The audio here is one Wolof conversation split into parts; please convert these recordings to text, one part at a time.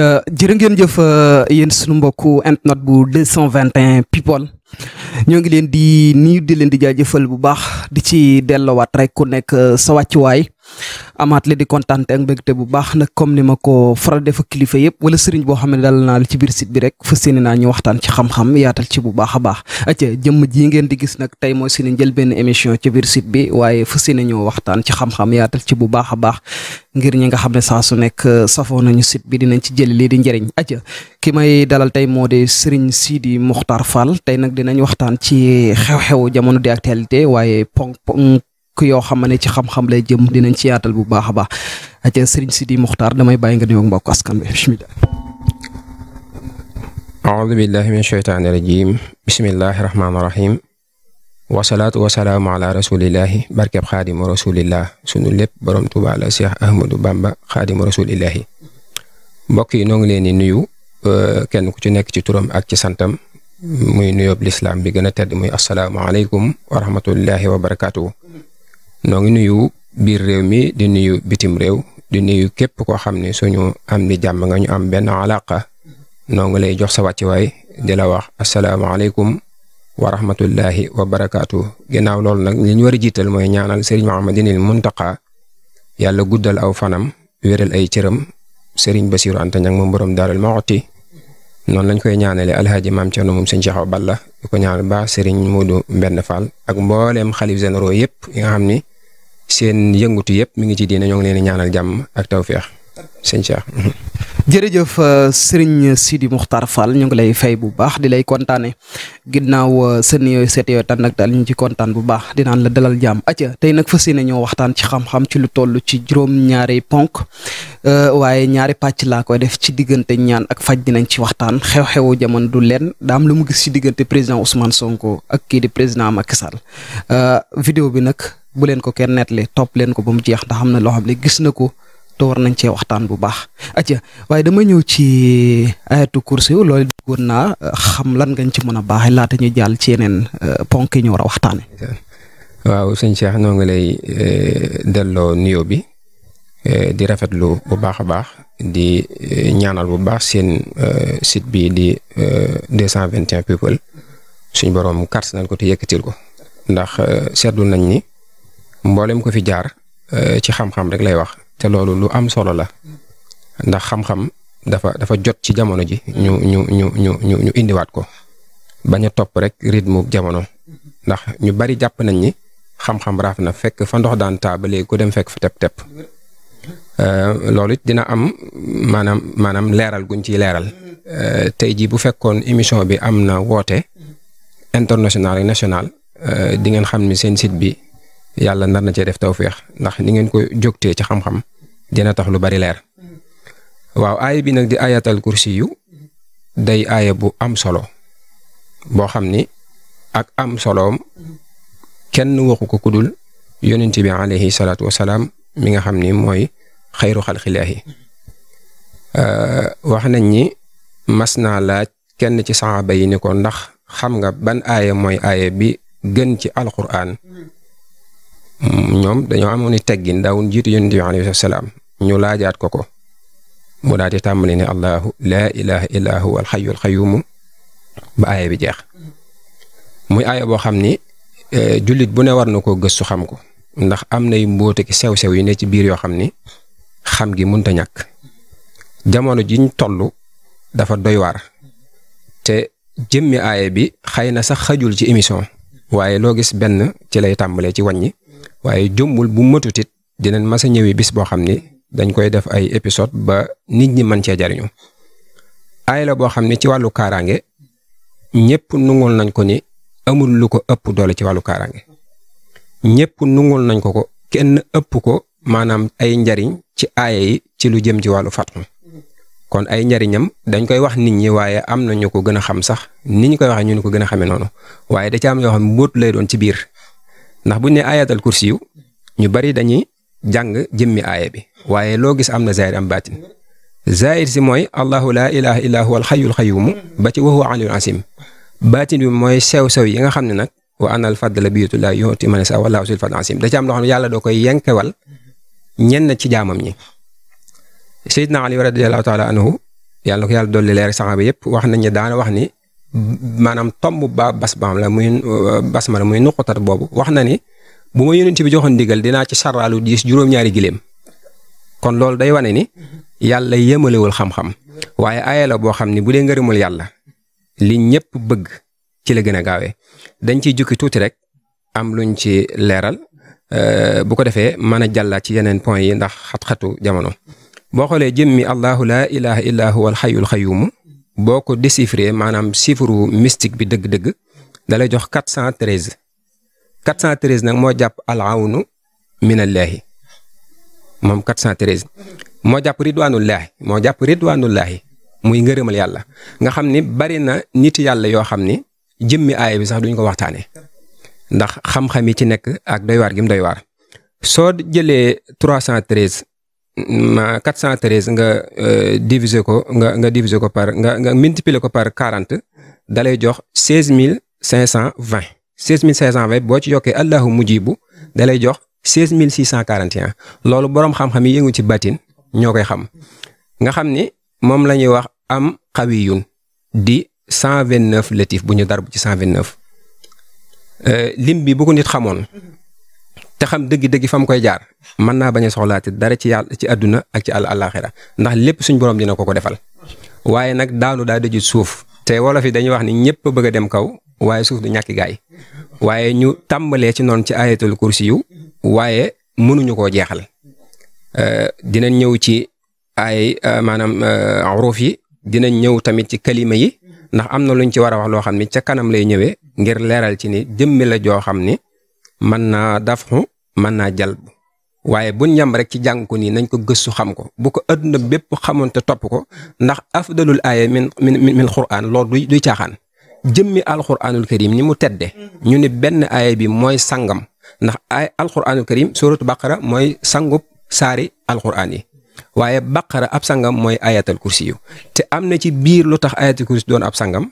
Euh, jërë ngeen jëf euh, yéen sunu mbokku internet bu 221 people ñoo ngi leen di nuyu di leen di jaajëfal bu baax di ci dellowaat rek ku nekk euh, sa wàccuwaay amaat la di kontaan ak mbégte bu baax nag comme ni ma ko faral def kilifa yëpp wala sëriñ boo xam ne naa ci biir site bi rek fas yéene naa ñu waxtaan ci xam-xam ci bu baax a baax. acca jëmm ji ngeen di gis nag tey mooy suñu njël benn émission ci biir site bi waaye fas yéene ñoo waxtaan ci xam yaatal ci bu baax a baax ngir ñi nga xam ne saa su nekk euh, safoo nañu site bi dinañ ci jëli lii di njëriñ acca ki may dalal tey moo di sëriñ siidi Mokhtar Fall tey nag dinañ waxtaan waxtaan ci xew-xewu jamono di actualité waaye ponk ponk yoo xam ne ci xam-xam lay jëm dinañ ci yaatal bu baax a baax ajee sëriñ Sidi Muxtaar damay bàyyi nga nuyoog mbokk askan bi bismillah aoudu billahi min sheytaani rajim bismillahi rahmaani rahim wasalaatu wasalaamu ala rasulillahi barkeb xaadimu rasulillah sunu lépp borom Tuubaa la Cheikh Bamba xaadimu rasulillahi mbokk yi noo nuyu kenn ku ci nekk ci turam ak ci santam muy nuyoob lislaam bi gën a tedd muy asalaamaaleykum wa rahmatullahi wa barakaatu. noo ngi nuyu biir réew mi di nuyu bitim réew di nuyu képp koo xam ne suñu am di jàmm nga ñu am benn alaqa noo ngi lay jox sa wàccuwaay di la wax asalaamaaleykum wa rahmatullahi wa barakaatu. ginnaaw loolu nag li ñu war a jiital mooy ñaanal Serigne Mouhamadinil Muntaqa yàlla guddal aw fanam wéral ay cëram Serigne Bassirou Anta Niang moom borom Daarul Muxti noonu lañ koy ñaanale alhaaji maam Cerno moom sëñ Cheikh Awa Balla di ko ñaanal seriñ sëriñ Modou Mbend Fall ak mbooleem xalif généraux yëpp yi nga xam ni seen yëngutu yëpp mi ngi ci dina ñoo ngi leen di ñaanal jàmm ak tawféex sëñ jërëjëf euh, Serigne Sidi Moukhtar Fall ñu ngi lay fay bu baax di lay kontaane ginnaaw euh, seen yooyu seet yooyu tànn ak daal ñu ci kontaan bu baax dinaan la dalal jàmm acca tey nag fas yéene ñoo waxtaan ci xam-xam ci lu toll ci juróom-ñaari ponk euh, waaye ñaari pàcc laa koy def ci diggante ñaan ak faj dinañ ci waxtaan xew-xewu jamono du leen daam lu mu gis ci diggante président Ousmane Sonko ak kii di président Macky Sall video bi nag bu leen ko kenn nettali topp leen ko ba mu jeex ndax xam na loo xam ne gis na ko te nañ cee waxtaan bu baax. acca waaye dama ñëw ci ayatu eh, kursi lool bëggoon naa eh, xam lan ngañ ci mën a baaxee laata ñu jàll ci yeneen eh, ponk yi ñu war a waxtaane waaw sëñ Cheikh noo ngi lay delloo nuyoo bi di rafetlu bu baax a baax di ñaanal bu baax seen site bi di 221 people suñ borom kars nañ ko te yëkkatil ko ndax seetlu nañ ni mboolem ko fi jaar ci xam-xam rek lay wax te loolu lu am solo la ndax xam-xam dafa dafa jot ci jamono ji ñu ñu ñu ñu ñu ñu indiwaat ko baña topp rek rythme jamono ndax ñu bari jàpp nañ ni xam-xam raaf na fekk fa ndox daan taa ba léegi ko dem fekk fa tep-tep euh, loolu it dina am maanaam maanaam leeral guñ ci leeral euh, tey jii bu fekkoon émission bi am na woote international ak national euh, di ngeen xam ni seen site bi yàlla nar na cee def tawféex ndax ni ngeen ko jógtee ci xam-xam dina tax lu bari leer waaw aaya bi nag di ayatal kursi yu day aaya bu am solo boo xam ni ak am soloom kenn waxu ko kudul yonent bi alayhi salaatu wasalaam mi nga xam ni mooy xayru xalqilaahi wax nañ ni mas naa laaj kenn ci saxaaba yi ni ko ndax xam nga ban aaya mooy aaya bi gën ci alquran ñoom dañoo amoon i teggin ndaw jiitu yonent bi alayhi salaam ñu laajaat ko ko mu daal di tàmbali ne allahu laa ilaha illa huwa ba aaya bi jeex muy aaya boo xam ni e, jullit bu ne war na koo gëstu xam ko ndax am nay mbóote ki sew-sew yi ne ci biir yoo xam ni xam gi mënta ñàkk jamono jiñ toll dafa doy waar te jëmmi aaya bi xëy na sax xajul ci émission waaye loo gis benn ci lay tàmbalee ci wàññi waaye jëmmul bu mëtutit dinañ mas a ñëwi bis boo xam ni dañ koy def ay épisode ba nit ñi mën cee jariñoo aay la boo xam ne ci wàllu kaaraange ñëpp nungul nañ ko ni amul lu ko ëpp doole ci wàllu kaaraange ñëpp nungul nañ ko ko kenn ëpp ko maanaam ay njariñ ci aaya yi ci lu jëm ci wàllu fatxu kon ay njariñam dañ koy wax nit ñi waaye am na ñu ko gën a xam sax ni ñu koy waxee ñu nu ko gën a xamee noonu waaye da ca am yoo xam mbóot lay doon ci biir ndax buñ ne ayatal kursi yu ñu bari dañuy jàng jëmmi aaya bi waaye loo gis am na zaahir am baatin zaahir si mooy allahu laa ilaha illa huwa alxayul xayumu ba ci wa huwa aliyul asim baatin bi mooy sew yi nga xam ne nag wa anal fadla biyatu laa yuuti man yasaa wallaahu zul fadli asim da ci am loo xam yàlla doo koy yenkewal ñenn ci jaamam ñi Seydina Ali radiyallahu taala ko yàlla dolli leer saxaaba yëpp wax nañ ne daana wax ni maanaam tomb ba bas la muy basmala muy nuqutat boobu wax na ni bu ma yónent bi joxoon ndigal dinaa ci saraalu diis juróom-ñaari giléem kon loolu day wane ni yàlla yemalewul xam-xam waaye aaya la boo xam ni bu dee ngërëmul yàlla li ñëpp bëgg ci la gën a gaawee dañ ciy jukki tuuti rek am luñ ci leeral euh, bu ko defee mën a jàllaat ci yeneen point yi ndax xat-xatu jamono. boo xoolee jëmmi allahu laa ilaha illa huwa alxayul xayumu boo ko déchiffré maanaam chiffre mystique bi dëgg-dëgg dalay jox 413. 413 nag moo jàpp al awnu minallahi moom 413 moo jàpp ridwanullahi moo jàpp ridwanullahi muy ngërëmal yàlla nga xam ni bari na nit yàlla yoo xam ni jëmmi aaya bi sax duñ ko waxtaanee ndax xam-xam yi ci nekk ak doy waar gi mu waar soo jëlee 313 ma 413 nga euh, diviser ko nga nga diviser ko par nga nga multiplier ko par 40 dalay jox 16520. 16520 boo ci yokkee allahu mujibu da lay jox 16641 loolu boroom xam-xam yi yëngu ci batin ñoo koy xam nga xam ni moom la ñuy wax am xawiyun di 129 latif bu ñu dara bu ci 129 euh, lim bi bu ko nit xamoon te xam dëgg-dëgg fa mu koy jaar mën naa bañ a soxlaati dara ci yàlla ci àdduna ak ci àll àllaaxira ndax lépp suñ borom dina ko ko defal waaye nag daanu daa dëju suuf te wolof yi dañuy wax ni ñëpp bëgg a dem kaw waaye suuf du ñàkki gaay waaye ñu tàmbalee ci noonu ci ayatul kursi yu waaye mënuñu koo jeexal euh, dinañ ñëw ci ay euh, maanaam euh, ruuf yi dinañ ñëw tamit ci kalima yi ndax am na luñ ci war a wax loo xam ni ca kanam lay ñëwee ngir leeral ci ni jëmmi la joo xam ni mën naa dafxu mën naa jalb waaye buñ ñamb rek ci jàng ko nii nañ ko gëstu xam ko bu ko adduna bépp xamoon te topp ko ndax afdalul aaya min min min quraan loolu du du caaxaan jëmmi alxuraanul karim ni mu tedde ñu ni benn aaya bi mooy sangam ndax ay alxuraanul karim suratu baqara mooy sangub saari alxuraan yi waaye baqara ab sangam mooy ayaatal kursi yu te am na ci biir lu tax ayatal kursi doon ab sangam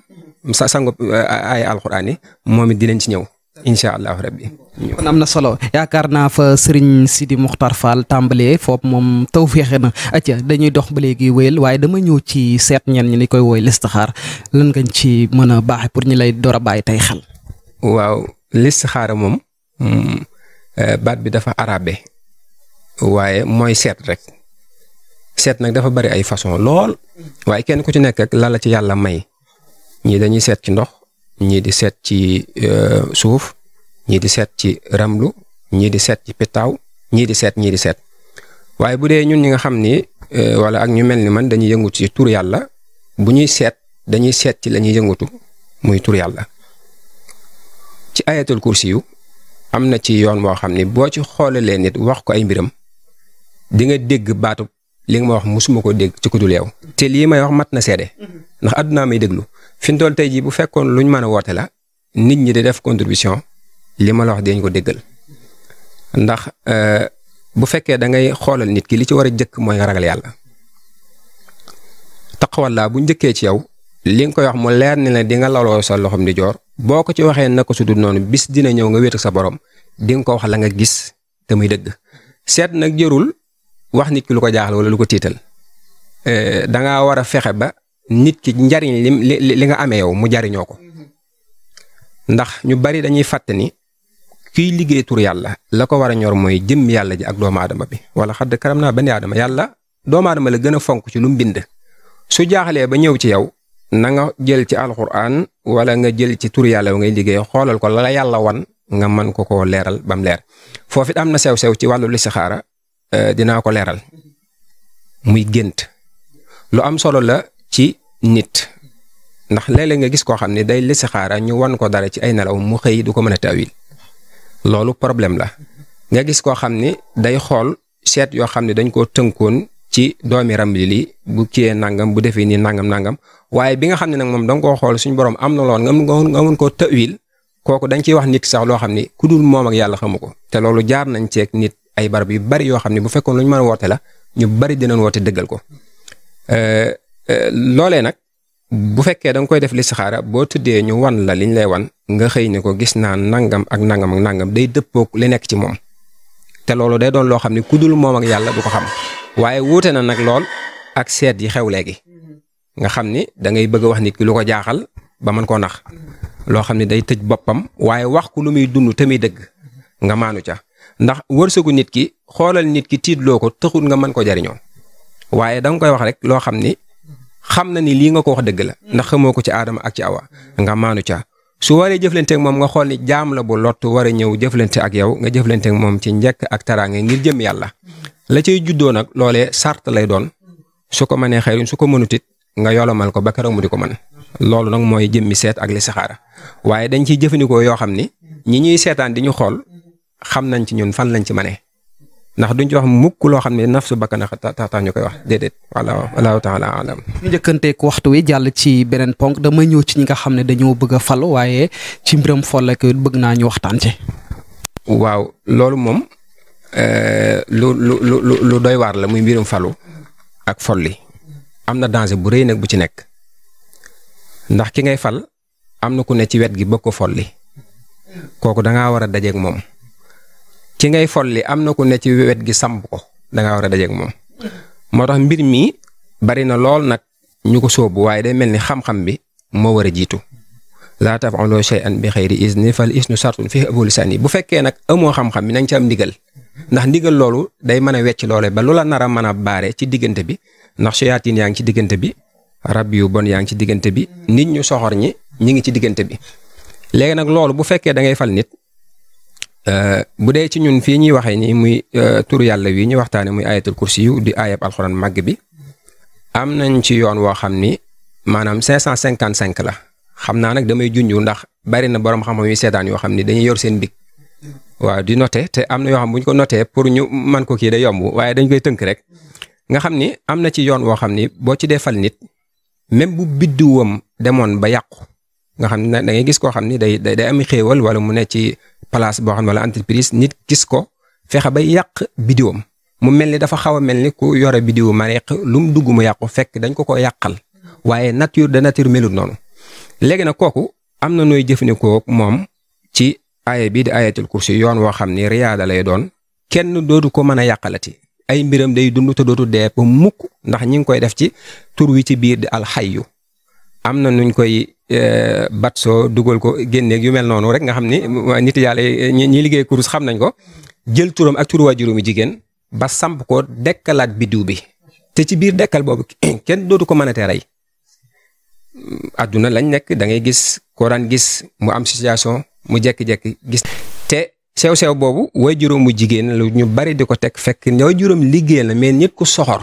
sa sangub eh, ay alxuraan yi moom it dinañ ci ñëw incha allah rabbi. kon am na solo yaakaar naa fa Serigne Sidi Mokhtar Fall tàmbalee foofu moom taw feexe na acca dañuy dox ba léegi wéyal waaye dama ñëw ci seet ñen ñi ni koy woy listixaar lan nga ci mën a baaxe pour ñu lay door a bàyyi tey xel. waaw listixaar moom mm, eh, baat bi dafa arabe waaye mooy seet rek seet nag dafa bari ay façon lool waaye kenn ku ci nekk ak la la ci yàlla may ñii dañuy seet ci ndox. ñii di seet ci euh, suuf ñii di seet ci ramlu ñii di seet ci pitaaw ñii di seet ñii di seet waaye bu dee ñun ñi nga xam ni euh, wala ak ñu mel ni man dañuy yëngutu ci tur yàlla bu ñuy seet dañuy seet ci la yëngutu muy tur yàlla ci ayatul kursi yu am na ci yoon moo xam ni boo ci xoolalee nit wax ko ay mbiram di nga dégg baatu li nga ma wax musuma ko dégg ci ku dul te lii may wax mat na seede mm-hmm. ndax àddunaa may déglu fi ñu toll tey jii bu fekkoon lu ñu mën a woote la nit ñi di def contribution li ma la wax dañ ko déggal ndax euh, bu fekkee da ngay xoolal nit ki li ci war a jëkk mooy nga ragal yàlla taqwallaa bu njëkkee ci yow li nga koy wax mu leer ni la di nga laloo sa loxom di joor boo ko ci waxee naka su dul noonu bis dina ñëw nga wéet ak sa borom di nga ko wax la nga gis te muy dëgg seet nag jërul wax nit ki lu ko jaaxal wala lu ko tiital euh, da ngaa fexe ba nit ki njariñ li li nga amee yow mu jariñoo ko ndax ñu bari dañuy fàtte ni kiy liggéey tur yàlla la ko war a ñor mooy jëm yàlla ji ak doomu bi wala xadd karam naa bani aadama yàlla doomaadama la gën a fonk ci lu mu bind su jaaxalee ba ñëw ci yow na nga jël ci alxuraan wala nga jël ci tur yàlla ngay liggéey xoolal ko la yàlla wan nga mën ko koo leeral bam leer foofu it am na sew-sew ci wàllu listixaara eh, dinaa ko leeral muy gént lu am solo la ci nit ndax léeg-léeg nga gis koo xam ne day listixaara ñu wan ko dara ci ay nelaw mu xëy du ko mën a tawil loolu problème la nga gis koo xam ni day xool seet yoo xam ne dañ koo tënkoon ci doomi ramli li bu kiyee nangam bu defee nii nangam nangam waaye bi nga xam ne nag moom da nga koo xool suñu borom am na loon nga mun koo tawil kooku dañ ciy wax nit sax loo xam ni ku dul moom ak yàlla xamu ko te loolu jaar nañ ceeg nit ay barab yu bari yoo xam ne bu fekkoon lu ñu mën a la ñu bari dinañ woote dëggal ko euh, Euh, loolee nag bu fekkee danga koy def listixaara boo tëddee ñu wan la liñ lay wan nga xëy ni ko gis naa nangam ak nangam ak nangam day dëppook li nekk ci moom te loolu day doon loo xam ne ku dul moom ak yàlla du ko xam waaye wuute na nag lool ak seet yi xew léegi nga xam ni da ngay bëgg a wax nit ki lu ko jaaxal ba mën koo nax loo xam ne day tëj boppam waaye wax ku lu muy dund te muy dëgg nga maanu ca ndax wërsëgu nit ki xoolal nit ki tiitloo ko taxul nga mën ko jariñoo xam na ni lii nga ko wax dégg la ndax xamoo ko ci aadama ak ci awa nga maanu ca su waree jëflante moom nga xool ni jaam la bu lott war a ñëw jëflante ak yow nga jëflante ak moom ci njekk ak taraange ngir jëm yàlla la cay juddoo nag loole sart lay doon su ko mënee xëy su ko mënut it nga yolomal ko ba keroog mu di ko mën loolu nag mooy jëmmi seet ak li saxaara waaye dañ ciy jëfandikoo yoo xam ni ñi ñuy seetaan di ñu xool xam nañ ci ñun fan lañ ci mënee ndax duñ ci wax mukk loo xam ne nafsu su tax tax ñu koy wax déedéet wala walaahu taala alam ñu njëkkanteeku waxtu wi jàll ci beneen ponk damay ñëw ci ñi nga xam ne dañoo bëgg falu waaye ci mbiram follak bëgg naa ñu waxtaan ci. waaw loolu moom eh, lu lu lu doy waar la muy mbirum falu ak folli am na danger bu rëy nag bu ci nekk ndax ki ngay fal am na ku ne ci wet gi bëgg ko folli kooku danga ngaa war a dajeeg moom. ki ngay folli am na ko ne ci wet gi samp ko da nga war a dajeeg moom moo tax mbir mi bari na lool nag ñu ko sóobu waaye day mel ni xam-xam bi moo war a jiitu laa taf'alu shay'an bi xayri izni fal isnu sartun fi abolisan yi bu fekkee nag amoo xam-xam bi na nga ci am ndigal ndax ndigal loolu day mën a wecc loole ba lu la nar a mën a baare ci diggante bi ndax shayatin yaa ngi ci diggante bi rab yu bon yaa ngi ci diggante bi nit ñu soxor ñi ñi ngi ci diggante bi Euh, bu dee ci ñun fii ñuy waxee nii muy euh, turu yàlla wi ñu waxtaane muy ayatul kursi yu di ayab alxuraan màgg bi am nañ ci yoon woo xam ni maanaam 555 la xam naa nag damay junj ndax bari na borom xam-xam yu seetaan yoo xam ni dañuy yor seen big waaw di note te am na yoo xam bu ñu ko notee pour ñu man ko kii day yomb waaye dañ koy tënk rek nga xam ni am na ci yoon woo xam ni boo ci defal nit même bu bidduwam demoon ba yàqu nga xam ne da ngay gis koo xam ni day day am xéewal wala mu ne ci place boo xam ne wala entreprise nit gis ko fexe ba yàq bidéwam mu mel ni dafa xaw a mel ni ku yore bidéwu mariq lu mu dugg mu yàqu fekk dañ ko ko yàqal waaye nature de nature noonu léegi nag kooku am na nooy jëfandikoo moom ci aaya bii di ayatul kursi yoon woo xam ni riyaada lay doon kenn dootu ko mën a yàqalati ay mbiram day dund te dootu dee ba mukk ndax ñi ngi koy def ci tur wi ci biir di alxayu am na nuñ koy eh, batsoo dugal ko génneeg yu mel noonu rek nga xam ni nit yàlla ñi ñi liggéey kurus xam nañ ko jël turam ak turu juróomi jigéen ba samp ko dekkalaat biddiw bi te ci biir dekkal boobu kenn dootu ko mën a teeray àdduna lañ nekk da ngay gis koo daan gis mu am situation mu jekki-jekki gis te sew sew boobu waajuram mu jigéen lu ñu bari di ko teg fekk waajuram liggéey na mais nit ku soxor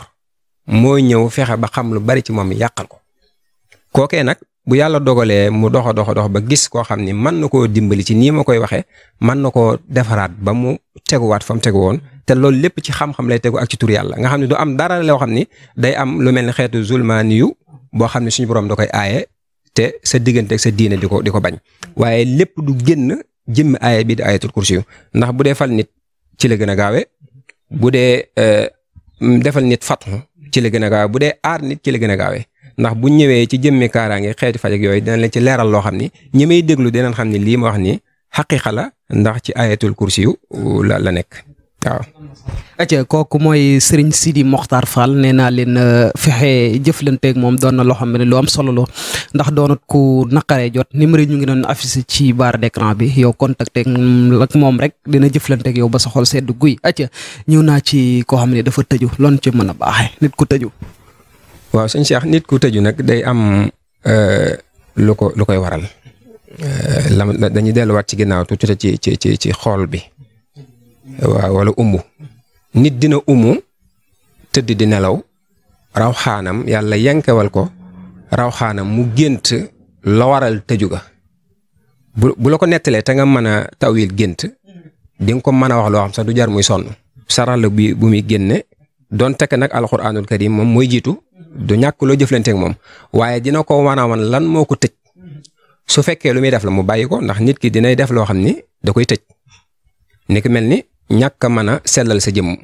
mooy ñëw fexe ba xam lu bari ci moom yàqal ko kookee nag bu yàlla dogalee mu doxa doxa dox ba gis koo xam ni mën na koo dimbali ci nii ma koy waxee mën na koo defaraat ba mu teguwaat fa mu tegu woon te loolu lépp ci xam-xam lay tegu ak ci tur yàlla nga xam ne du am dara loo xam ni day am lu mel ni xeetu zulmaani yu boo xam ne suñu borom da koy aaye te sa diggante sa diine di ko di ko bañ waaye lépp du génn jëmmi aaya bi di ayatul kursi ndax bu dee fal nit ci la gën a gaawee bu dee euh, defal nit fatu ci la gën a bu dee aar nit ci la gën a gaawee ndax bu ñëwee ci jëmmi kaaraange xeeti faj ak yooyu dinañ leen ci leeral loo xam ni ñi may déglu dinañ xam ni lii ma wax ni xaqiqa la ndax ci ayatul kursi yu uh, la la nekk acca kooku mooy Serigne Sidi Mokhtar Fall nee naa leen uh, fexe jëflanteeg moom doon na loo xam ne lu am solo la ndax doonat ku naqaree jot numéro yi ñu ngi doon affiché ci barre decran bi yow contacté ak moom rek dina jëflanteeg yow ba soxol sedd guy acca ñëw naa ci koo xam ne dafa tëju loon ci mën a baaxee nit ku tëju. waaw sëñ Cheikh nit ku tëju nag day am euh, lu ko lu koy waral euh, lam dañuy delluwaat ci ginnaaw tuuti ci ci ci ci xool bi waaw wala umu nit dina umu tëdd di nelaw raw xaanam yàlla yankewal ko raw xaanam mu gént la waral tëju ga bu bu la ko nettalee te nga mën a tawil gént di nga ko mën a wax loo xam sax du jar muy sonn saral la bu muy génne doon tekk nag alxuraanul karim moom mooy jiitu du ñàkk loo jëflanteeg moom waaye dina ko wanaawan lan moo ko tëj su fekkee lu muy def la mu bàyyi ko ndax nit ki dinay def loo xam ni da koy tëj ni ki mel ni ñàkk a mën a sellal sa jëmm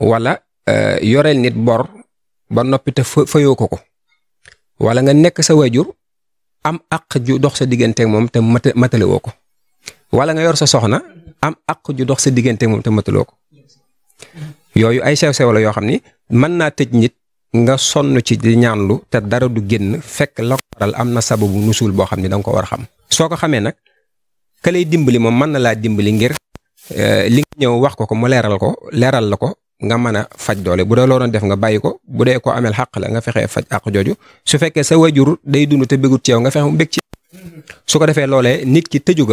walla euh, yoreel nit bor ba noppi te fayoo ko ko wala nga nekk sa waajur am àq ju dox sa digganteek moom te matale woo ko wala nga yor sa soxna am aq ju dox sa digganteeg moom te mataloo ko yooyu ay sew sew la yoo xam ni mën naa tëj nit nga sonn ci di ñaanlu te dara du génn fekk la ko waral am na sababu nusul boo xam ni da nga ko war a xam soo ko xamee nag ka dimbali moom mën na laa dimbali ngir euh, li nga ñëw wax ko ko mu leeral ko leeral la ko nga mën a faj doole bu dee loo doon def nga bàyyi ko bu dee ko amel xàq la nga fexee faj àq jooju su fekkee sa wajur day dund te bëggut ci nga fexe mu bëgg ci su ko defee loolee nit ki tëju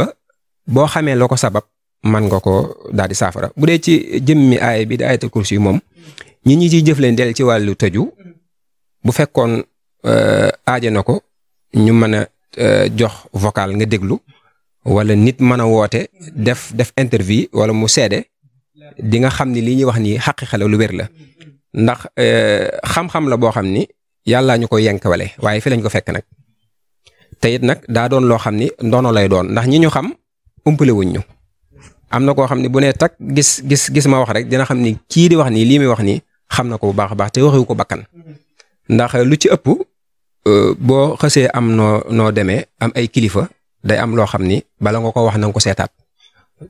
boo xamee loo ko sabab man nga ko daal saafara bu dee ci jëmmi aay bi di ayatul kursi yi moom ñi ñi ciy jëf leen del ci wàllu tëju bu fekkoon euh, aaje na ko ñu mën a euh, jox vocal nga déglu wala nit mën a woote def def interview wala mu seede di nga xam ni lii ñuy wax nii xaqi xale lu wér la ndax euh, xam-xam la boo xam ni yàllaa ñu ko yenkawale waaye fi lañ ko fekk nag te it nag daa doon loo xam ni ndono lay doon ndax ñi ñu xam umpale wuñ ñu am na koo xam ne bu nee takk gis gis gis ma wax rek dina xam ni kii di wax nii lii muy wax nii xam na ko bu baax a baax te waxiwu ko bakkan ndax lu ci ëpp euh, boo xësee am noo noo demee am ay kilifa day am loo xam ni bala nga ko wax na ko seetaat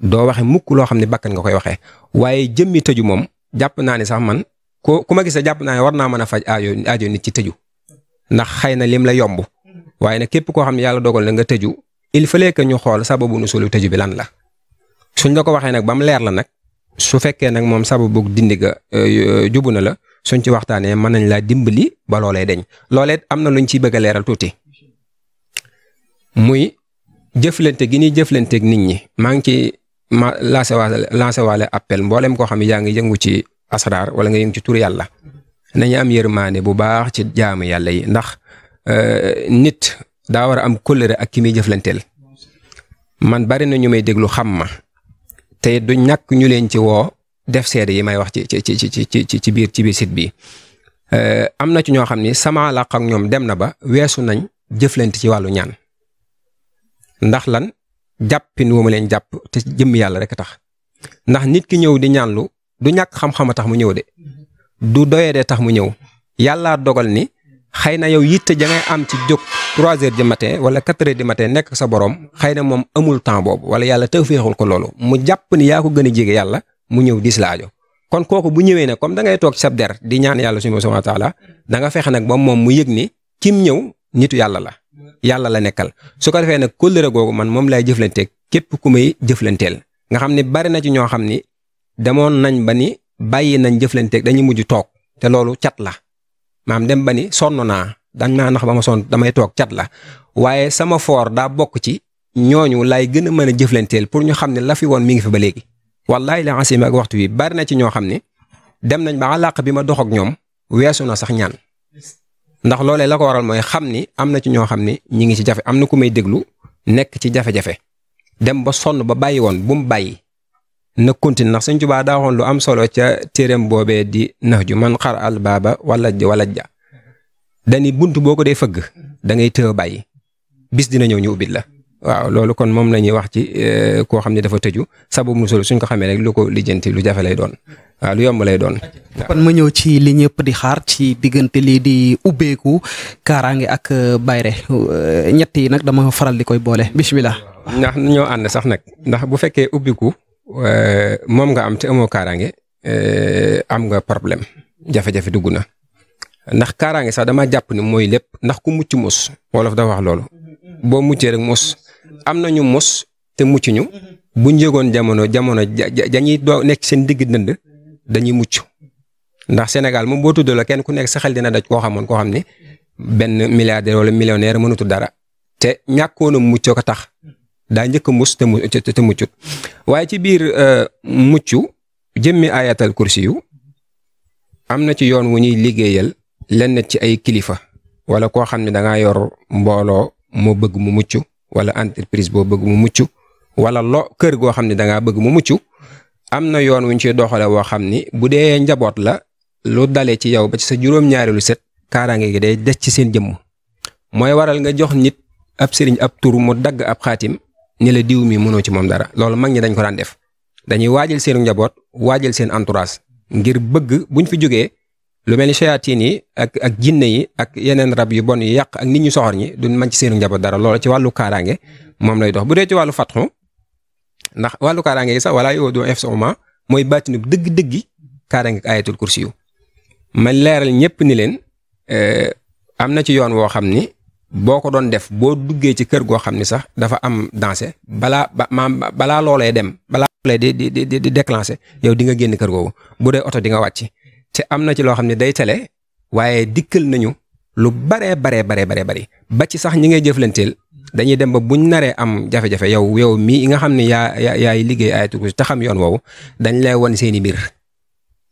doo waxe mukk loo xam ne bakkan nga koy waxee waaye jëmmi tëju moom jàpp naa ne sax man ku ku ma gisee jàpp naa ne war naa mën a faj aajo aajo nit ci tëju ndax xëy na lim la yomb waaye nag képp koo xam ne yàlla dogal na nga tëju il fallait que ñu xool sababu nu sulu tëju bi lan la suñ la ko waxee nag ba mu leer la nag su fekkee nag moom sababu dindi ga euh, jubu na la suñ ci waxtaanee mën nañ laa dimbali ba loolee dañ loolee am na lu luñ ciy bëgg a leeral tuuti muy jëflante gi ñuy jëflanteeg nit ñi maa ngi ci ma lancé waale lancé waale appel mboolem koo xam ne yaa ngi yëngu ci asraar wala nga yëngu ci tur yàlla nañu am yërmaane bu baax ci jaamu yàlla yi ndax euh, nit daa war a am kóllëre ak ki muy jëflanteel man bari na ñu may déglu xam ma tey du ñàkk ñu leen ci woo def seede yi may wax ci ci ci ci ci ci biir ci biir site bi euh, am na ci ñoo xam ni sama làq ak ñoom dem na ba weesu nañ jëflante ci wàllu ñaan ndax lan jàppin wu ma leen jàpp te jëmm yàlla rek tax ndax nit ki ñëw di ñaanlu du ñàkk xam-xam a tax mu ñëw de du doyee de tax mu ñëw yàllaa dogal ni xëy na yow yitte ja ngay am ci jóg 3 heures matin wala 4 heures du matin nekk sa borom xëy na moom amul temps boobu wala yàlla tawféexul ko loolu mu jàpp ni yaa ko gën a jege yàlla mu ñëw diis la aajo kon kooku bu ñëwee ne comme da ngay toog ci sab der di ñaan yàlla suñu subhaanahu wa taala fexe nag ba moom mu yëg ni kim ñëw nitu yàlla la yàlla la nekkal su ko defee nag kóllëre googu man moom lay jëflanteeg képp ku may jëflanteel nga xam ne bari na ci ñoo xam ni demoon nañ ba ni bàyyi nañ jëflanteeg dañuy mujj toog te loolu cat la maam dem ba ni sonn naa dañ naa nax ba ma sonn damay toog cat la waaye sama foor daa bokk ci ñooñu laay gën a mën a jëflanteel pour ñu xam ne la fi woon mi ngi fi ba léegi. wallaay la asima ak waxtu wi bari na ci ñoo xam ni dem nañ ba àllaq bi ma dox ak ñoom weesu na sax ñaan ndax loolee la ko waral mooy xam ni am na ci ñoo xam ne ñu ngi ci jafe am na ku may déglu nekk ci jafe-jafe dem ba sonn ba bàyyi woon bu bàyyi na continue ndax Sëñ Tuubaa daa waxoon lu am solo ca téereem boobee di nax ju man xar al baaba wala wala ja dani bunt boo ko dee fëgg da ngay tëw bàyyi bis dina ñëw ñu ubbit la waaw loolu kon moom la ñuy wax ci eh, koo xam ne dafa tëju sabu musul suñ ko xamee rek lu ko lijjanti lu jafe doon lu yomb lay doon. ma ñëw ci li ñëpp di xaar ci diggante lii di ubbeeku kaaraange ak eh, bayre eh, ñett yi nag dama faral di koy boole bisimilah. ndax ànd sax nag ndax bu fekkee ubbiku Euh, moom nga am te amoo kaaraange euh, am nga problème jafe-jafe dugg na ndax kaaraange sax dama jàpp ni mooy lépp ndax ku mucc mos wolof da wax loolu boo muccee rek mos am na ñu mos te mucc ñu buñ yëgoon jamono jamono dañuy doo nekk seen digg dënd dañuy mucc ndax senegal moom boo tuddee la kenn ku nekk sa xel dina daj koo xamoon koo xam ni benn milliardaire wala millionnaire mënutu dara te ñàkkoon a ko tax daa njëkk a te mu te muccut waaye ci biir euh, mucc jëmmi ayatal kursi yu am na ci yoon wu ñuy liggéeyal lenn ci ay kilifa wala koo xam ne da yor mbooloo moo bëgg mu mucc wala entreprise boo bëgg mu mucc wala lo kër goo xam ne da bëgg mu mucc am na yoon wu ñu ciy doxale woo xam ni bu dee njaboot la lu dale ci yow ba ci sa juróom-ñaari lu set kaaraange gi day des ci seen jëmm mooy waral nga jox nit ab sëriñ ab tur mu dagg ab xaatim ni la diw mi mënoo ci moom dara loolu mag ñi dañ ko daan def dañuy waajal seen njaboot waajal seen entourage ngir bëgg bu ñu fi jógee lu mel ni shayatin yi ak ak jinne yi ak yeneen rab yu bon yu yàq ak nit ñu soxor ñi duñ mañ ci seenu njaboot dara lool ci wàllu kaaraange moom lay dox bu dee ci wàllu fatxu ndax wàllu kaaraange yi sax wala yow doo ef sama mooy baatinu dëgg-dëggi kaaraange ak ayatul kursi yu ma leeral ñëpp ni leen euh, am na ci yoon woo xam ni boo ko doon def boo duggee ci kër goo xam ni sax dafa am danse balaa ba maam balaa loolee dem balaa loolee di di di di yow di nga génn kër googu bu dee oto di nga wàcc te am na ci loo xam ne day tele waaye dikkal nañu lu baree baree baree baree bari ba ci sax ñi ngay jëflanteel dañuy dem ba buñ naree am jafe-jafe yow yow mii nga xam ne yaa yaay liggéey ay tuuti te xam yoon woowu dañ lay won seeni mbir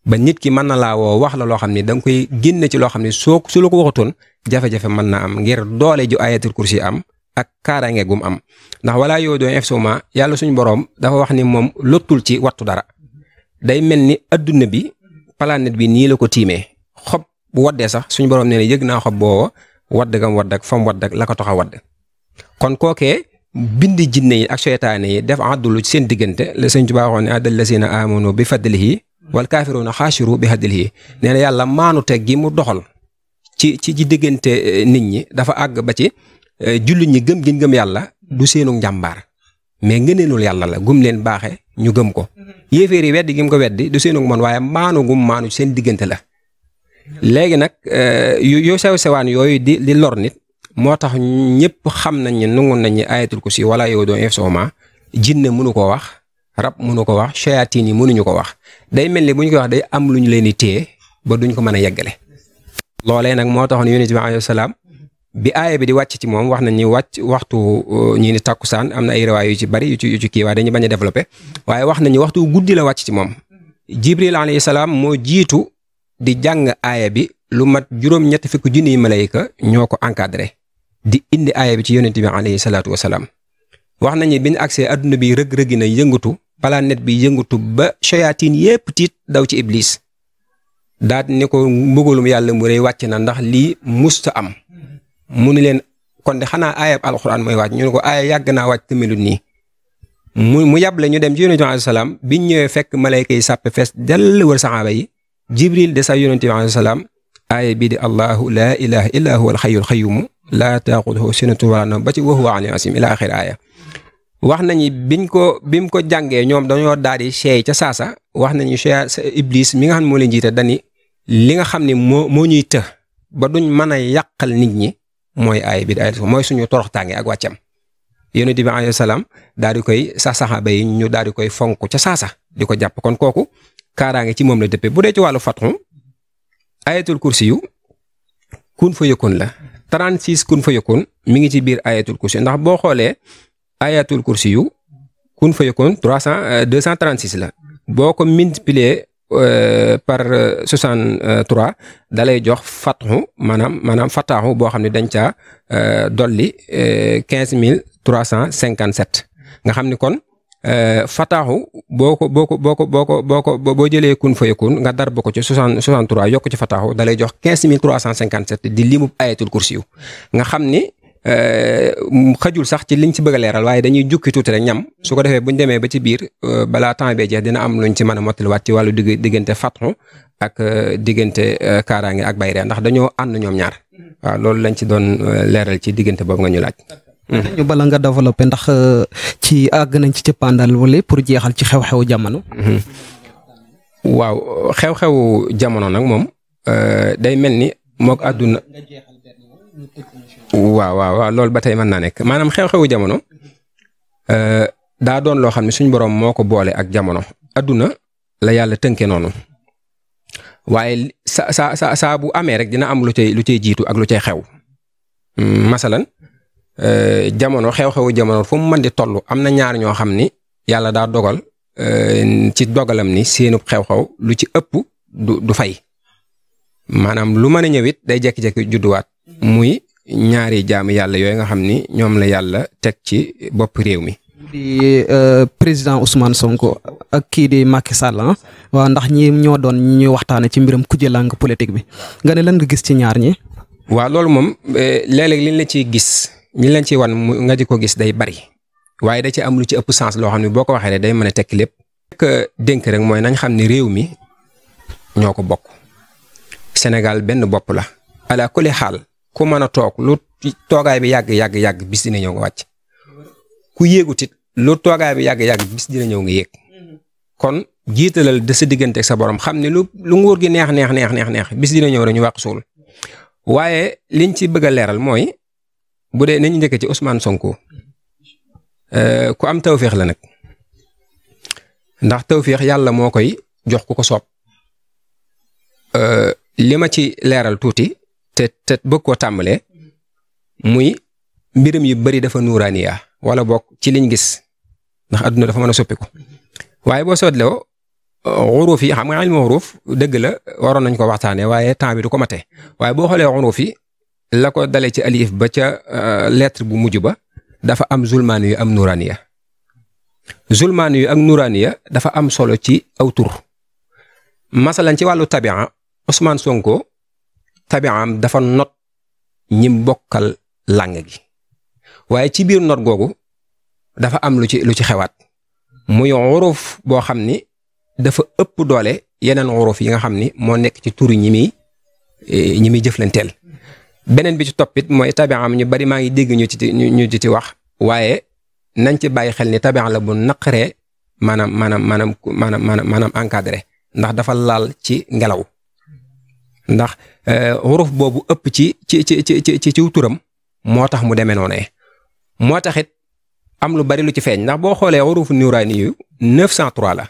ba nit ki mën na laa woo wax la loo xam ni danga koy génne ci loo xam ni soo su la ko waxatoon jafe-jafe mën na am ngir doole ju ayatul kursi am ak kaaraange gum am ndax walaa yow doon efsuma yàlla suñu borom dafa wax ni moom lottul ci wattu dara day mel ni àdduna bi planète bi nii la ko tiimee xob bu waddee sax suñu borom nee na yëg naa xob booba wadd gam wadd ak fam wadd ak la ko tax a wadd kon kookee bindi jinne yi ak seytaane yi def àddulu ci seen diggante la sëñ Tuubaa waxoon ne àddal la siina aamanu bi fadlihi wal kaafiruuna xaashiru bi hadilihi nee na yàlla maanute gi mu doxal ci ci ci diggante eh, nit ñi dafa àgg ba ci eh, jullit ñi gëm gi gëm yàlla du seenu njàmbaar mais ngëneelul yàlla la gum leen baaxee ñu gëm ko. yéeféer yi weddi gi mu ko weddi du seenu moon waaye maanu gum maanu seen diggante la léegi nag eh, yu sew sewaan yooyu di di lor nit moo tax ñëpp xam nañ ne nangu nañ ne ayatul kursi wala yow doo inf jinne mënu koo wax. rab mënu ko wax shayatin yi mënuñu ko wax day mel ni bu ñu ko wax day am lu ñu leen di téye ba duñ ko mën a yeggale loolee nag moo taxoon yonent bi alayhi salaam bi aaya bi di wàcc ci moom wax nañ ni wàcc waxtu uh, ñi ni takkusaan am na ay riwaay yu ci bari yu ci yu dañu bañ a développé waaye wax nañ waxtu guddi la wàcc ci moom jibril alayhi salaam moo jiitu di jàng aaya bi lu mat juróom-ñetti fukki junniy malayka ñoo ko encadré di indi aaya bi ci yonent bi alayhi salaatu wasalaam wax nañu bi ñu agsee adduna bi rëg-rëgi na yëngatu planète bi yëngatu ba soyaatin yépp tiit daw ci iblis daat ni ko mbugalum yàlla mu rëy wàcc na ndax lii musta am mu ni leen kon de xanaa aayab alxuraan mooy wàcc ñu ne ko aaya yàgg naa wàcc tëmelut nii mu mu yàble ñu dem ci yonente bi aleyhi salaam biñ ñëwee fekk malayka yi sàppe fees dell wër saxaaba yi jibril de sa yonente bi aleyhi salaam aaya bii di allahu laa ilaha illaa huwa alxayyul xayyumu laa taaxuduhu sinatun wala nawm ba ci wa huwa aliyyun wax nañu biñ ko bi mu ko jàngee ñoom dañoo daal di seey ca saasa wax nañu seey sa iblis mi nga xam ne moo leen jiite dani li nga xam ni moo moo ñuy të ba duñ mën a yàqal nit ñi mooy ay bi ay mooy suñu toroxtaange ak wàccam yonent bi alayhi salaam daal di koy sax saxaaba yi ñu daal di koy fonk ca saasa di ko jàpp kon kooku kaaraange ci moom la dëppee bu dee ci wàllu fatxu ayatul kursi yu kun fa yëkkoon la 36 kun fa yëkkoon mi ngi ci biir ayatul kursi ndax boo xoolee. ayatul kursi yu kun fayakun trois cent euh, deux cent trente six la boo ko multiplier euh, par euh, soixante trois da lay jox fatxu maanaam maanaam fataaxu boo xam ne dañ caa dolli quinze mille trois cent cinquante sept nga xam ni kon. Fataaxu boo ko boo ko boo ko boo ko boo ko boo jëlee kun fayakun nga darba ko ci soixante soixante trois yokk ci Fataaxu da lay jox quinze mille trois cent cinquante sept di limu ayatul kursi yu nga xam ni Euh, xajul sax ci li ñu ci bëgg leeral waaye dañuy jukki tuuti rek ñam su ko defee buñ demee ba ci biir euh, balaa temps bee jeex dina ci mën a mottaliwaat ci wàllu digg diggante fatxu ak euh, diggante kaaraange ak bayre ndax dañoo ànd ñoom ñaar waaw loolu lañ ci doon leeral ci diggante boobu nga ñu laaj. bala nga développé ndax ci àgg nañ ci cëppaandal wala pour jeexal ci xew-xewu jamono. Mhm. waaw xew-xewu jamono nag moom day mel ni moog àdduna. waaw waaw waaw loolu ba tey mën naa nekk maanaam xew-xewu jamono euh, daa doon loo xam ne suñ borom moo ko boole ak jamono. adduna la yàlla tënkee noonu waaye sa sa sa saa bu amee rek dina am lu cay lu cay jiitu ak lu cay xew. Hmm, masalan euh, jamono xew-xewu jamono fu mu mën di toll am na ñaar ñoo xam ni yàlla daa dogal euh, ci dogalam ni seenub xew-xew lu ci ëpp du du fay maanaam lu mën a ñëwit day jékki-jékki judduwaat muy ñaari jaam yàlla yooyu nga xam ni ñoom la yàlla teg ci bopp réew mi. di euh, président Ousmane Sonko ak kii di Macky Sall ah. waaw ndax ñi ñoo doon ñuy waxtaanee ci mbiram kuje làng politique bi nga ne lan gis ci ñaar ñi. waaw loolu moom eh, léeg-léeg liñ la ciy gis liñ lañ ciy wan nga di ko gis day bari waaye da ci am lu ci ëpp sens loo xam ne boo ko waxee day mën a tekki lépp. dénk rek mooy nañ xam ne réew mi ñoo ko bokk Sénégal benn bopp la. ala xaal ku mën a toog lu toogaay bi yàgg yàgg yàgg bis dina ñëw nga wàcc ku yéegu it lu toogaay bi yàgg yàgg bis dina ñëw nga yéeg kon jiitalal de sa diggante ak sa borom xam ne lu lu nguur gi neex neex neex neex neex bis dina ñëw rek ñu wàq suul waaye liñ ci bëgg a leeral mooy bu dee nañu njëkk ci Ousmane Sonko euh, ku am tawféex la nag ndax tawféex yàlla moo koy jox ku ko soob euh, li ma ci leeral tuuti. te te bëgg koo tàmbalee muy mbiram yu bëri dafa nuuraaniya wala bokk ci liñ gis ndax adduna dafa mën a soppiku waaye boo sootloo xuruuf yi xam nga ilmu xuruuf dëgg la waroon nañ ko waxtaanee waaye temps bi du ko matee waaye boo xoolee xuruuf yi la ko dalee ci alif ba ca euh, lettre bu mujj ba dafa am zulmaan yu am nuuraaniya zulmaan yu ak nuuraaniya dafa am solo ci aw tur ci wàllu tabia Ousmane Sonko tabi'am dafa not ñim bokkal làng gi waaye ci biir not googu dafa am lu ci lu ci xewaat muy xuruf boo xam ni dafa ëpp doole yeneen xuruf yi nga xam ni moo nekk ci turu ñi muy eh, ñi muy jëflanteel beneen bi ci toppit mooy tabi'am ñu bari maa ngi dégg ñu ci ñu ci wax waaye nañ ci bàyyi xel ni tabi'a la bu naqree maanaam maanaam maanaam maanaam maanaam encadré ndax dafa laal ci ngelaw ndax xuruf euh, boobu ëpp ci ci ci ci ci ciw turam moo tax mu demee noonee moo tax it am lu bari lu ci feeñ ndax boo xoolee xurufu nuraani yu 903 la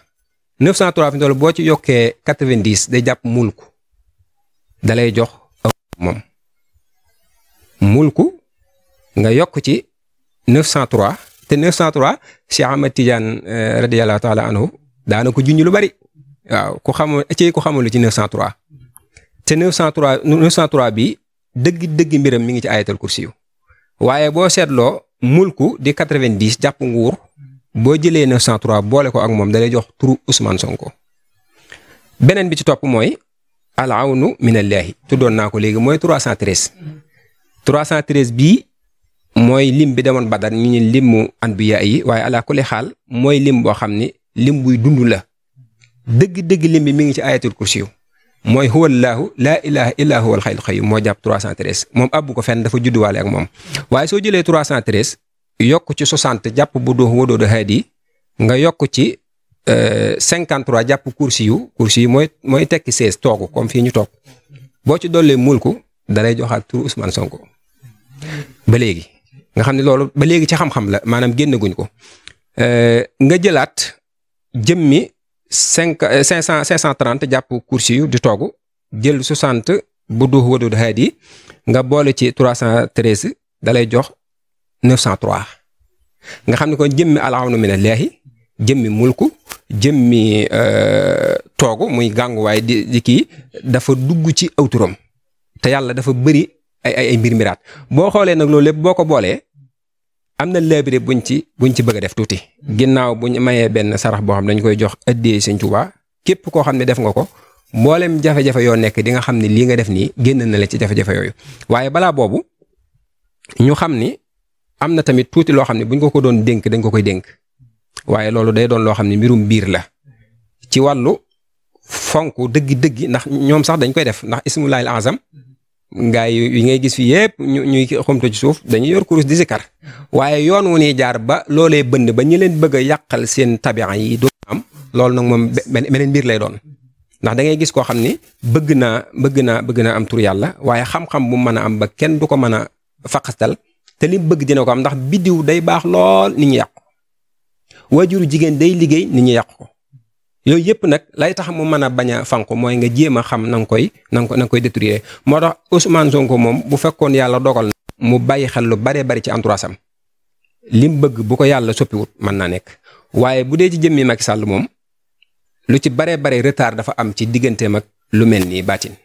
903 fi mu toll boo ci yokkee 90 day jàpp mulku da lay jox aw moom mulku nga yokk ci 903 te 903 Cheikh Ahmed Tidiane euh, radiyallahu taala anhu daana ko juñ lu bari waaw ku xamul ci ku xamul ci 903. te 903 903 bi dëgg dëgg mbiram mi ngi ci ayatal kursi waaye boo seetloo mulku di 90 jàpp nguur boo jëlee 903 boole ko ak moom dalay jox turu Ousmane Sonko beneen bi ci topp mooy al awnu minallaahi tuddoon naa ko léegi mooy 313 313 bii mooy lim bi demoon Badar ñu ne limu anbiya yi waaye ala kulli xaal mooy lim boo xam ni lim buy dund la dëgg-dëgg lim bi mu ngi ci ayatul kursiyu mooy huwa llaahu laa ilaha illa huwa alxayyul qayyum moo jàpp 313 moom abbu ko fenn dafa judduwaale ak moom waaye soo jëlee 313 yokk ci 60 jàpp bu doo wodoodo haadi nga yokk ci 53 euh, jàpp kursi yu kursi yu mooy mooy tekki 16 toogu comme fii ñu toog boo ci dollee mulku dalay joxaat turu Ousmane Sonko ba léegi nga xam ne loolu ba léegi ci xam-xam la maanaam génnaguñ ko euh, nga jëlaat jëmmi cinq euh, cinq cent jàpp kursi yu di toogu jël soixante bu du wadud haadi yi nga boole ci trois cent dalay jox neuf nga xam ne kon jëmmi alawnu mina leexi jëmmi mulku jëmmi euh, toogu muy gànguwaay di di kii dafa dugg ci awturam te yàlla dafa bëri ay ay mbir miraat boo xoolee nag loolu lépp boo ko boolee am na laabire buñ ci buñ ci bëgg a def tuuti ginnaaw buñ mayee benn sarax boo xam dañ koy jox addiyee Sëñ Tuubaa képp koo xam ne def nga ko mboolem jafe-jafe yoo nekk di nga xam ne lii nga def nii génn na la ci jafe yooyu waaye balaa boobu ñu xam ni am na tamit tuuti loo xam ne buñ ko ko doon dénk dañ ko koy dénk waaye loolu day doon loo xam ne mbirum biir la ci wàllu fonk dëgg-dëgg ndax ñoom sax dañ koy def ndax ismulaahil azam gaay yi ngay gis fii yëpp ñu ñuy xomto ci suuf dañuy yor kurus di zikar waaye yoon wu ñuy jaar ba loolee bënd ba ñu leen bëgg a yàqal seen tabian yi du am loolu nag moom beneen mbir lay doon ndax da ngay gis koo xam ni bëgg naa bëgg naa bëgg naa am tur yàlla waaye xam-xam bu mën a am ba kenn du ko mën a faqastal te li bëgg dina ko am ndax biddiw day baax lool ni ñi yàqu waajuru jigéen day liggéey ni ñu yàqu ko yooyu yëpp nag lay tax mu mën a bañ a fànq mooy nga jéem a xam na nga koy na nga koy détruire moo tax Ousmane Sonko moom bu fekkoon yàlla dogal na mu bàyyi xel lu baree bari ci entourage am mu bëgg bu ko yàlla soppiwut mën naa nekk waaye bu dee ci jëmmi Macky Sall moom lu ci baree bare retard dafa am ci digganteem ak lu mel nii baatin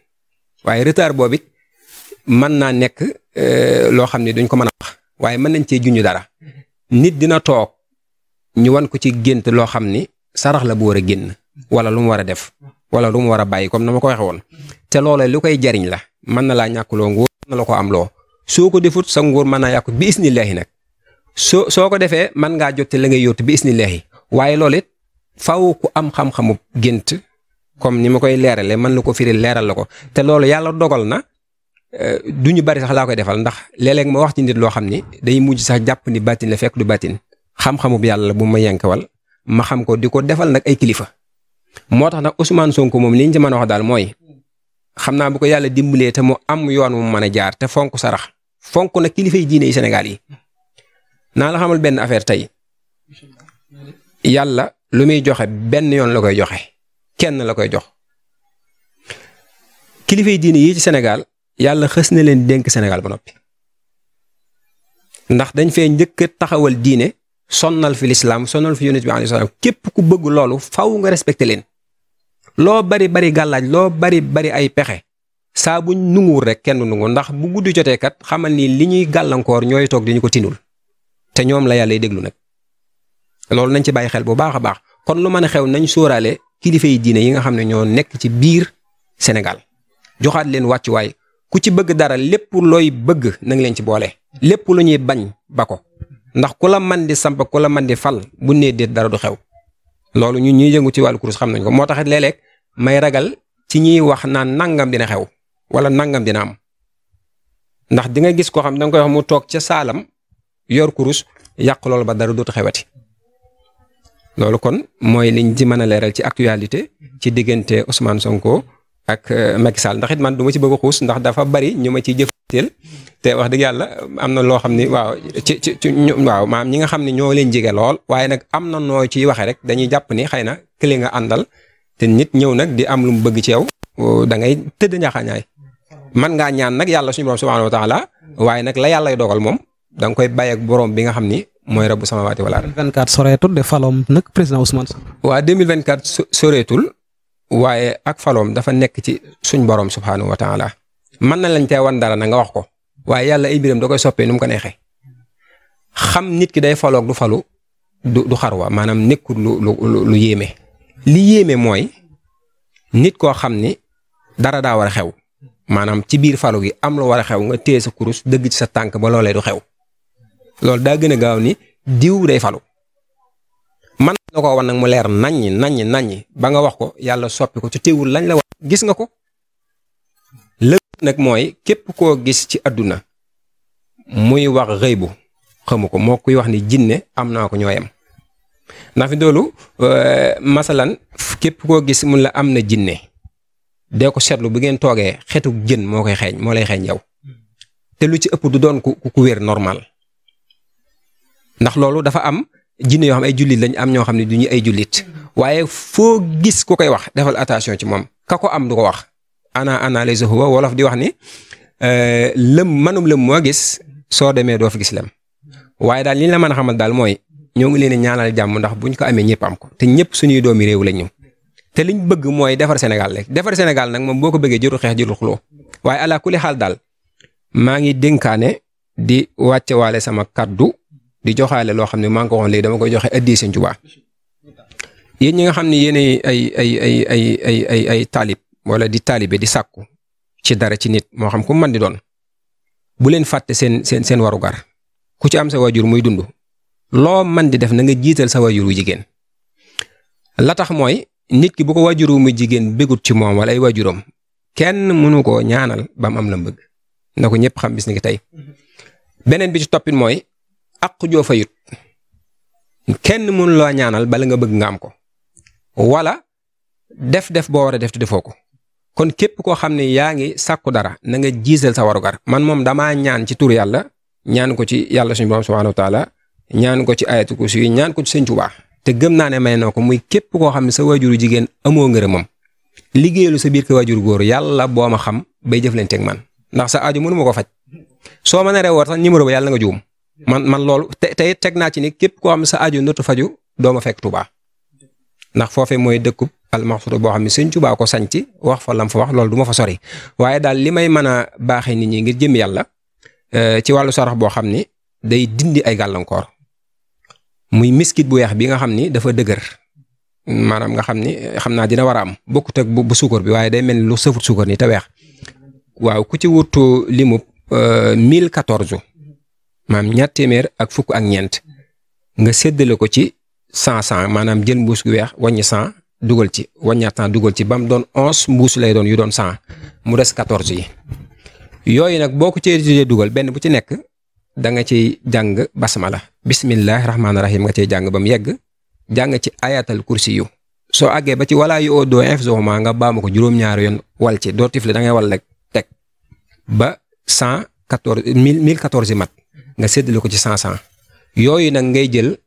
waaye retard boobu it mën naa nekk euh, loo xam ne duñ ko mën a wax waaye mën nañ cee juñu dara mm-hmm. nit dina toog ñu wan ko ci gént loo xam ni sarax la bu war a génn wala lu mu war a def wala lu mu war a bàyyi comme na ma ko waxee woon te loolee lu koy jariñ la mën na laa ñàkkloo nguur na la ko am soo ko defut sa nguur mën naa yàqu bi isnillaahi nag soo soo ko defee mën ngaa jotte la ngay yóotu bi isnillaahi waaye loolu faw ku am xam gént comme ni ma koy leerale mën la ko firi leeral la ko te loolu yàlla dogal na euh, du ñu bari sax laa koy defal ndax léeg-léeg ma wax ci nit loo xam ni day mujj sax jàpp ni bàttin la fekk du bàttin xam-xamu yàlla la bu ma yenkewal ma xam ko di ko defal nag ay kilifa moo tax na Ousmane Sonko moom liñ ci mën a wax daal mooy xam naa bu ko yàlla dimbalee te mu am yoon mu mën a jaar te fonk sarax fonk na kilifay yi diine yi naa la xamal benn affaire tey yàlla lu muy joxe benn yoon la koy joxe kenn la koy jox kilifa yi yi ci Sénégal yàlla xës na leen dénk Sénégal ba noppi ndax dañ fee njëkk taxawal diine sonnal fi lislaam sonnal fi yonent bi alayhi salaam képp ku bëgg loolu faw nga respecté leen loo bari bari gàllaaj loo bari bari ay pexe saa buñ nunguwul rek kenn nungu ndax bu guddi jotee kat xamal nii li ñuy gàllankoor ñooy toog di ñu ko tinul te ñoom la yàlla déglu nag loolu nañ ci bàyyi xel bu baax a baax kon lu mën a xew nañ sóoraale kilifa yi diine yi nga xam ne ñoo nekk ci biir Sénégal joxaat leen wàccuwaay ku ci bëgg dara lépp looy bëgg na nga ci boole lépp lu ñuy bañ ba ndax ku la man di samp ku la man di fal bu nee déet dara du xew loolu ñu ñuy yëngu ci wàllu kurus xam nañ ko moo taxit léeg-léeg may ragal ci ñuy wax naan nangam dina xew wala nangam dina am ndax di nga gis koo xam da nga koy wax mu toog ca saalam yor kurus yàq loolu ba dara dootu xewati loolu kon mooy liñ ci mën a leeral ci actualité ci diggante Ousmane Sonko ak euh, Macky Sall ndax it man du ma ci bëgg a xuus ndax dafa bari ñu ma ciy jëf itteel te wax dëgg yàlla am na loo xam ni waaw ci ci waaw maam ñi nga xam ne ñoo leen jige lool waaye nag am na noo ciy waxe rek dañuy jàpp ni xay na kële nga àndal te nit ñëw nag di am lu mu bëgg ci yow da ngay tëdd ñaxañaay man ngaa ñaan nag yàlla suñu borom subhanahu wa taala waaye nag la yàllay dogal moom da koy koy ak borom bi nga xam ni mooy rabbu samawaati wala. 2024 soreetul de faloom nag président Ousmane Sonko. waa 2024 soreetul waaye ak faloom dafa nekk ci suñ borom subhanahu wa taala man na lañ tee wan dara na nga wax ko waaye yàlla ay mbiram da koy soppee nu ko neexee xam nit ki day faloog du falu du du xarwa maanaam nekkul lu lu lu yéeme. li yéeme mooy nit koo xam ni dara daa war a xew maanaam ci biir falu gi am lu war a xew nga téye sa kurus dëgg ci sa tànk ba loolee du xew loolu daa gën a gaaw ni diw day falu. man na ko wan nag mu leer naññi naññi naññi ba nga wax ko yàlla soppi ko te teewul lañ la wax gis nga ko. nag mooy képp koo gis ci àdduna muy wax rëy xamu ko moo kuy wax ni jinne am naa ko ñooyam ndax fi doolu euh, masalan képp koo gis mun la am na jinne dee ko seetlu bu ngeen toogee xetu jën moo koy xeeñ moo lay xeeñ yow te lu ci ëpp du doon ku ku wér normal ndax loolu dafa am jinne yoo xam ay jullit lañ am ñoo xam ne du ñu ay jullit waaye foo gis ku koy wax defal attention ci moom ka ko am du ko wax ana analyse huwa wolof di wax ni eh, lëm manum lëm moo gis soo demee doo fa gis lem waaye daal li ñu la mën a xamal daal mooy ñoo ngi leen ñaanal jàmm ndax buñ ko amee ñëpp am ko te ñëpp suñuy doomi réew la ñu te liñ bëgg mooy defar Sénégal rek defar Sénégal nag moom boo ko bëggee jurul xeex jurul xuloo waaye alaa kulli xaal daal maa ngi dénkaane di wàcce waale sama kaddu di joxaale loo xam ne maa ngi ko waxoon dama koy joxe addi Sëñ Tuubaa yéen ñi nga xam ne yéen ay ay ay wala di taalibe di sàkku ci dara ci nit moo xam ku man di doon bu leen fàtte seen seen seen warugar ku ci am sa waajur muy dund loo man di def na nga jiital sa waajur wu jigéen la tax mooy nit ki bu ko waajuru muy jigéen bégut ci moom wala ay waajuram kenn mënu koo ñaanal ba am la mbëgg na ko ñëpp xam bis ni ki tey bi ci toppit mooy àq fayut kenn mënu loo ñaanal bala nga bëgg nga am ko wala def-def boo war a def te defoo ko kon képp koo xam ne yaa ngi sàkku dara na nga jiisal sa warugar man moom damaa ñaan ci tur yàlla ñaan ko ci yàlla suñu borom subhanahu wa taala ñaan ko ci ayatu kursi ñaan ko ci sëñ Tuubaa te gëm naa ne may noo ko muy képp koo xam ne sa waajuru jigéen amoo moom liggéeyalu sa biir ko waajuru góor yàlla boo ma xam bay jëflanteeg man ndax sa aju mënuma ko faj soo ma naree war sax numéro ba yàlla nga juum man man loolu te tey teg naa ci ni képp koo xam sa aju nootu faju doo ma fekk ndax foofee mooy dëkkub almaxfuuda boo xam ne sëñ Tuubaa ko sanci wax fa lam fa wax loolu du ma fa sori waaye daal li may mën a baaxee nit ñi ngir jëm yàlla eh, ci wàllu sarax boo xam ni day dindi ay gàllankoor muy miskit bu weex bi nga xam ni dafa dëgër maanaam nga xam ni eh, xam naa dina war a am bokkut ak bu suukar bi waaye day mel ni lu sëfut suukar ni te weex waaw ku ci wutu limu eh, mille quatorze maam ñaar téeméer ak fukk ak ñeent nga séddale ko ci cent cent maanaam jël mbuus weex wàññi cent dugal ci wàññaat temps dugal ci bam doon onze mbuus lay doon yu doon cent mu des yi yooyu nag boo ko cee dugal benn bu ci nekk da nga ciy jàng basmala bismillahi rahmaani rahim nga ciy jàng ba mu yegg jàng ci ayatal kursi yu soo àggee ba ci walaa yu oo doo infsoma nga baamu ko juróom-ñaari yoon wal ci doo tifle da ngay wal rek teg ba cent quatorze mille mille quatorze yi mat nga séddale ko ci cent cent yooyu nag ngay jël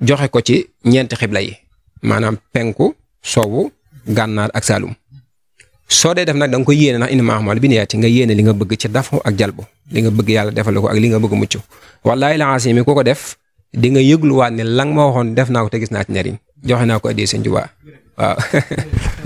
joxe ko ci ñeenti xibla yi. maanaam penku sowu gànnaar ak saalum soo dee def nag da nga koy yéene ndax indi maaxamal bi nga yéene li nga bëgg ci dafu ak jalbu li nga bëgg yàlla defal ko ak li nga bëgg mucc wallaahi la asiimi ku ko def di nga yëgluwaat ne lang ma waxoon def naa ko te gis naa ci njariñ joxe naa ko addee seen jubaa waaw